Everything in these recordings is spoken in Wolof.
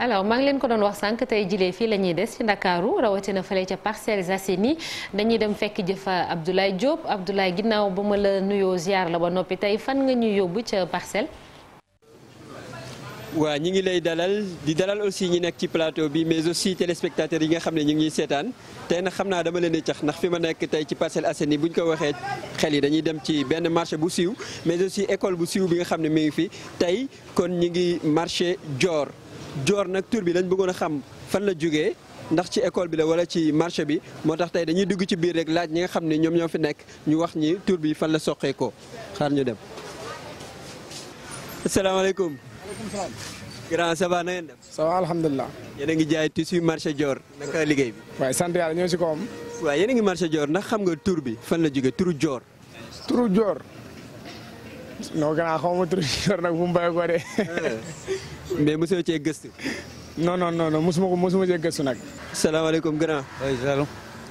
alors maa ngi leen ko doon wax sànq tey jilee fii la ñuy des ci ndakaaru rawatina fale ca Parcelles Assainies dañuy dem fekk jëfa Abdoulaye Diop Abdoulaye ginnaaw ba ma la nuyoo ziar la ba noppi tey fan nga ñuy yóbbu ca parcelle waa ñi ngi lay dalal di dalal aussi ñi nekk ci plateau bi mais aussi téléspectateurs yi nga xam ne ñu ngi seetaan tey nag xam naa dama leen di cax ndax fi ma nekk tey ci Parcelles Assainies bu ñu ko waxee xel yi dañuy dem ci benn marché bu siiw mais aussi école bu siiw bi nga xam ne mi ngi fi tey kon ñi ngi marché Dior joor nag tur bi dañ bëggoon a xam fan la jógee ndax ci école bi la wala ci marché bi moo tax tey dañuy dugg ci biir rek laaj ñi nga xam ne ñoom ñoo fi nekk ñu wax ñi tur bi fan la soqee ko xaar ñu dem. asalaamaaleykum. waaleykum salaam. grand ça va na ngeen def. ça va a ngi jaay tissu marché Dior naka liggéey bi. waaye sant yàlla ñoo si ko am. waaw yéen a ngi marché Dior ndax xam nga tur bi fan la jógee turu joor turu Dior. non grand xaw ma turu Dior mais mosoo cee gëstu. no non non non mosuma ko mosuma cee gëstu nag. salaamaaleykum grand. waaleykum salaam.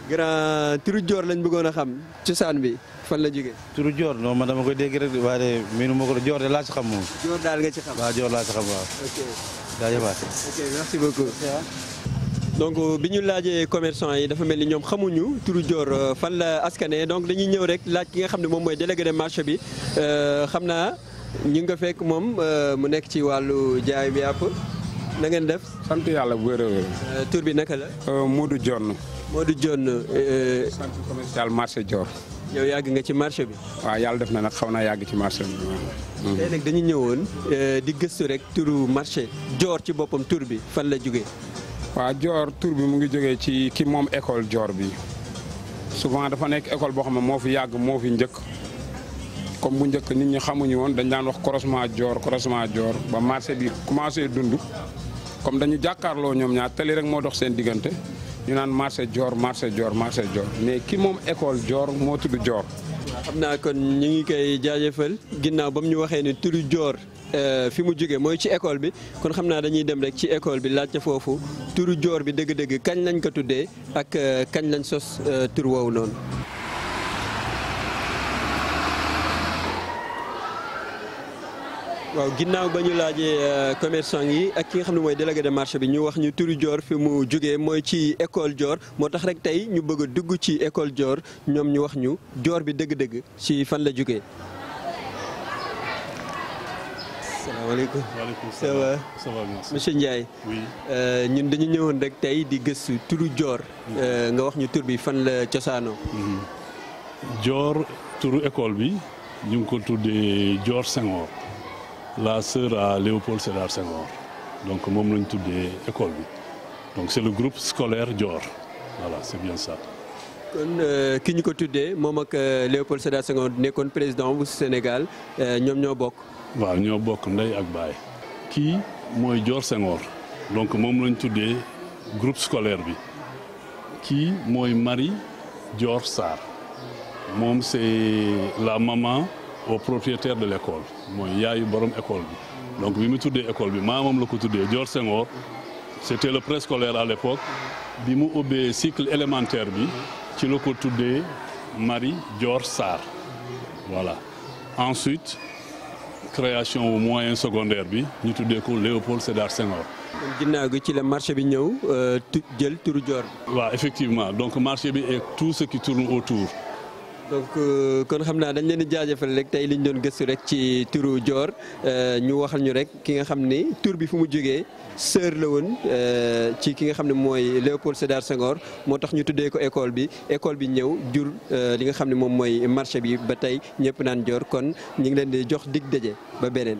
grand turu joor lañ bëggoon a xam cosaan bi fan la jógee. turu joor non ma dama koy dégg rek waaye de miinu ma ko joor de laa ci xam moom. joor daal nga ci xam. waaw joor laa ci xam waaw. ok donc bi ñu laajee commerçant yi dafa mel ni ñoom xamuñu turu joor euh, fan la askane donc dañuy ñëw rek laaj ki nga xam ne moom mooy délégué de marché bi euh, xam naa. ñu nga fekk moom euh, mu nekk ci wàllu jaay bi àpp na ngeen def. sant yàlla bu wér a wér. Euh, tur bi naka la. Modou euh, du Modou Dione. sant commercial marché Dior. yow yàgg nga ci marché bi. waaw yàlla def na nag xaw naa yàgg ci marché bi waaw. tey mhm. nag dañu ñëwoon di gëstu rek turu marché joor ci boppam tur bi fan la jóge waa joor tur bi mu ngi jógee ci ki moom école joor bi souvent dafa nekk école boo xam ne moo fi yàgg moo fi njëkk. comme bu njëkk nit ñi xamuñu woon dañu daan wax croisement joor croisement joor ba marché bi commencé dund comme dañu jàkkaarloo ñoom ñaar tali rek moo dox seen diggante ñu naan marché joor marché Dior marché Dior mais ki moom école joor moo tudd Dior. xam naa kon ñu ngi koy jaajëfal ginnaaw ba ñu waxee ni turu Dior euh, fi mu jóge mooy ci école bi kon xam naa dañuy dem rek ci école bi laajte foofu turu joor bi dëgg-dëgg kañ lañ ko tuddee ak euh, kañ lañ sos euh, tur wow noonu. waaw ginnaaw ba ñu laajee euh, commerçant yi ak ki nga xam ne mooy délégué de marché bi ñu wax ñu turu Dior fi mu jógee mooy ci école joor moo tax rek tey ñu bëgg a dugg ci école joor ñoom ñu wax ñu joor bi dëgg-dëgg ci fan la jógee. salaamaaleykum waaleykum salaam ça monsieur Ndiaye. oui euh, ñun dañu ñëwoon rek tey di gëstu turu Dior. Euh, nga wax ñu tur bi fan la cosaanoo. Mhm. Dior turu école bi ñu ko tuddee joor Senghor. la sœur à Léopold Sédar Senghor donc moom lañ tuddee école bi donc c'est le groupe scolaire Dior voilà c'est bien ça. Qui euh, ki ñu ko tuddee moom ak euh, Léopold Sédar Senghor nekkoon président du Sénégal euh, ñoom ñoo bokk. waaw ñoo bokk ndey ak baay. kii mooy Dior Senghor donc moom lañ tuddee groupe scolaire bi moi mooy Marie Dior Sar. Mom, c'est la maman au propriétaire de l'école y yaayu borom école bi donc bi mu tuddee école bi maamam la ko Dior Senghor c'était le préscolaire à l'époque bi mu cycle élémentaire bi ci la ko Marie Dior Sarr voilà ensuite création au moyen secondaire bi ñu tuddee ko Léopold Sédar Senghor. kon ginnaaw ci la marché bi ñëw euh, turu Dior. effectivement donc marché est tout ce qui tourne autour donc euh, kon xam naa dañ leen di jaajëfal rek tey liñ doon gëstu rek ci turu Dior euh, ñu waxal ñu rek ki nga xam ni tur bi fu mu jógee sœur la woon euh, ci ki nga xam ne mooy Léopold Sédar Senghor moo tax ñu tuddee ko école bi école bi ñëw jur li nga xam ne moom mooy marché bi ba tey ñëpp naan Dior kon ñu ngi leen di jox dig daje ba beneen.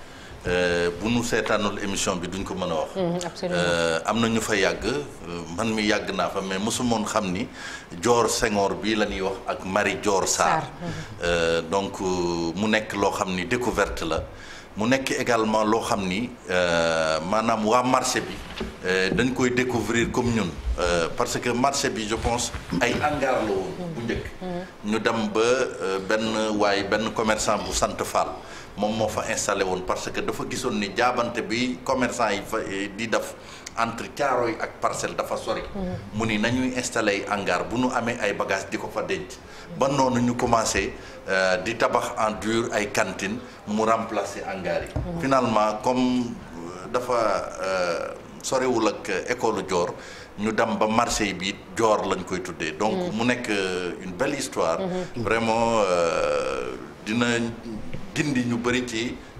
Euh, bu nu seetaanul émission bi duñ ko mën a wax. Mm-hmm, euh, am na ñu fa yàgg euh, man mi yàgg naa fa mais mosumoon xam ni joor sengoor bii la ñuy wax ak Marie Dior Sarr. Mm-hmm. donc mu nekk loo xam ni découverte la. mu nekk également loo xam ni euh, maanaam waa marché bi euh, dañ koy découvrir comme ñun euh, parce que marché bi je pense ay hangar la bu njëkk ñu dem ba benn waaye benn commerçant bu sant Fall moom moo fa installé woon parce que dafa gisoon ni jaabante bi commerçant yi fa di def entre caaro yi ak parcelle dafa sori. mu ni nañuy installé hangar bu nu amee ay bagages di ko fa denc. ba noonu ñu commencé euh, di tabax en dur ay cantines mu remplacer hangar yi. Mm-hmm. finalement comme euh, dafa euh, sorewul ak école joor ñu dem ba marché yi bii Dior lañ koy tuddee. donc mm-hmm. mu nekk une belle histoire. Mm-hmm. vraiment dina dindi ñu bëri ci.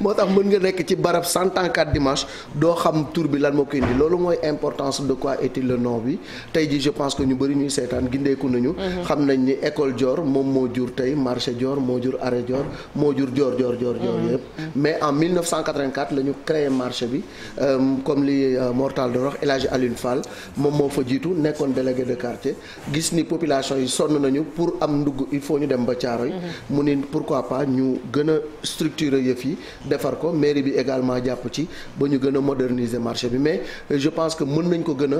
moo tax mën nga nekk ci barab cent ans quatre dimanche doo xam tur bi lan moo koy loolu mooy importance de quoi est le nom bi tey jii je pense que ñu bëri ñuy seetaan gindeeku nañu. Mhm. xam nañ ni école Dior moom moo jur tey marché Dior moo jur arrêt Dior moo jur Dior joor Dior Dior mhm. yëpp. Mhm. mais en 1984 la ñu créé marché bi euh, comme li euh, Mortal de wax El Hadj Alioune Fall moom moo fa jiitu nekkoon délégué de quartier gis ni population yi sonn nañu pour am ndugg il faut ñu dem ba Caaroy mu ni pourquoi pas ñu gën a structurer yëf yi defar ko mairie bi également japp ci ba ñu moderniser marché bi mais euh, je pense que mën nañ ko gëna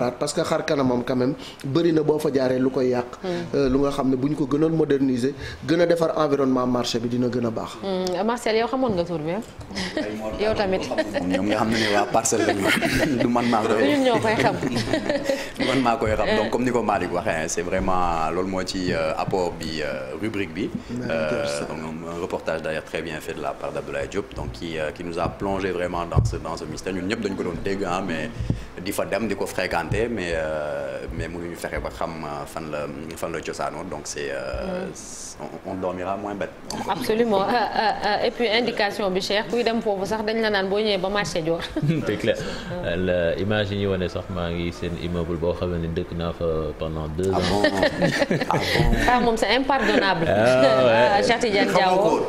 a parce que xar mom quand même bari na bo fa jaaree lu koy yàq. Mm. Euh, lu nga xamné ne ko gënal moderniser gëna a environnement marché bi dina gëna bax mm. Marcel yow xamone nga tur bi ah? yow tamit. ñom nga xamné ne parcel lañu du man ma koy. ñoo koy xam. man ma koy xam donc comme niko malik Malick hein, c'est vraiment loolu mo ci euh, apport bi rubrique bi. un reportage d'ailleurs très bien fait de la part Abdoulaye Diop donc qui euh, qui nous a plongé vraiment dans ce dans ce mystère nous ñëpp dañ ko doon dégg ah, mais di fa dem di ko fréquenter mais euh, mais mënuñu fexe ba xam euh, fan la fan la cosaanoo donc c'est mm. on dormira moins bête. absolument ah, ah, et puis indication bi cher kuy dem vous sax dañ la naan boo ñëwee ba marché joor. c'est clair l'image image yi ñu wane sax maa ngi immeuble boo xam ne dëkk fa pendant deux ans. ah bon ah c'est impardonnable. ah Cheikh Tidiane Diawo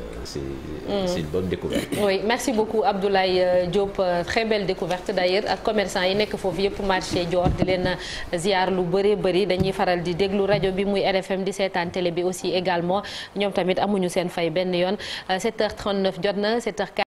c'est mmh. une bonne découverte. Oui, merci beaucoup Abdoulaye euh, Diop. Euh, très belle découverte d'ailleurs ak commerçant yi nekk foofu pour marché Dior di l'en euh, ziar lu bëree bëri dañuy faral di déglu radio bi muy RFM 17 en télé bi aussi également Ñom tamit amuñu sen fay ben yoon 7h39 jotna, 7h40